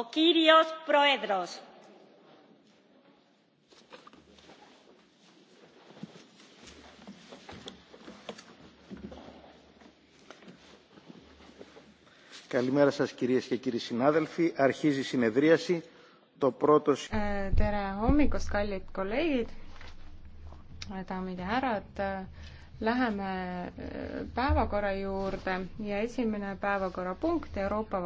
ο κύριος Πρόεδρος. Καλημέρα σας κυρίες και κύριοι συνάδελφοι. Αρχίζει η συνεδρίαση. Το πρώτο... Tere hommikust, kallid kolleegid, daamid ja härrad. Läheme äh, päevakorra juurde ja esimene päevakorrapunkt Euroopa